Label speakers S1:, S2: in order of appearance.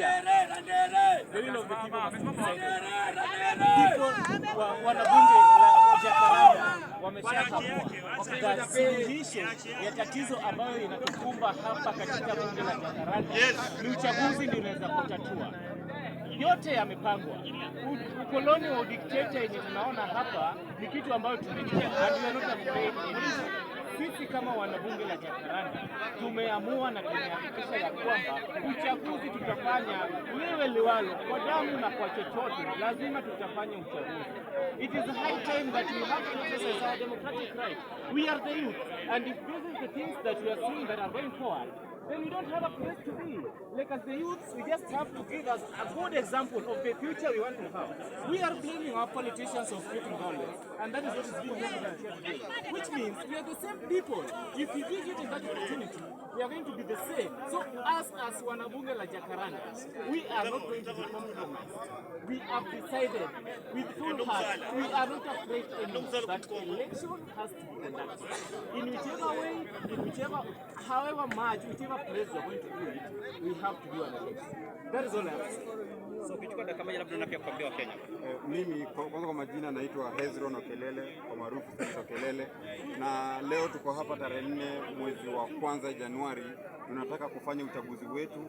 S1: Dalilo wanabunge la Jakaranda wameshapata suluhisho ya tatizo ambayo inatukumba hapa katika bunge la Jakaranda. Ni uchaguzi ndio unaweza kutatua yote, yamepangwa. Ukoloni wa udikteta yenye tunaona hapa ni kitu ambayo tumejia sisi kama wanabunge la Jacaranda tumeamua na tumehakikisha ya kwamba uchaguzi tutafanya liwe liwalo, kwa damu na kwa chochote, lazima tutafanya uchaguzi.
S2: It is high time that we have to exercise our democratic right. We are the youth and if this is the things that we are seeing that are going forward then we don't have a place to be. Like as the youths, we just have to give us a good example of the future we want to have. We are blaming our politicians of fitting dollars, and that is what is being done here today. means we are the same people. If we did it that opportunity, we are going to be the same. So us as wanabunge la Jacaranda, we are not going to compromise. We have decided with full heart, we are not afraid anymore that election has to be conducted. In whichever way whichever, however much, whichever place you're going to do it, we have to do an analysis. That is all I have. to say. dakika eh, Mimi kwanza kwa majina naitwa Hezron Okelele kwa maarufu Sasa Kelele, na leo tuko hapa tarehe nne mwezi wa kwanza Januari, tunataka kufanya uchaguzi wetu.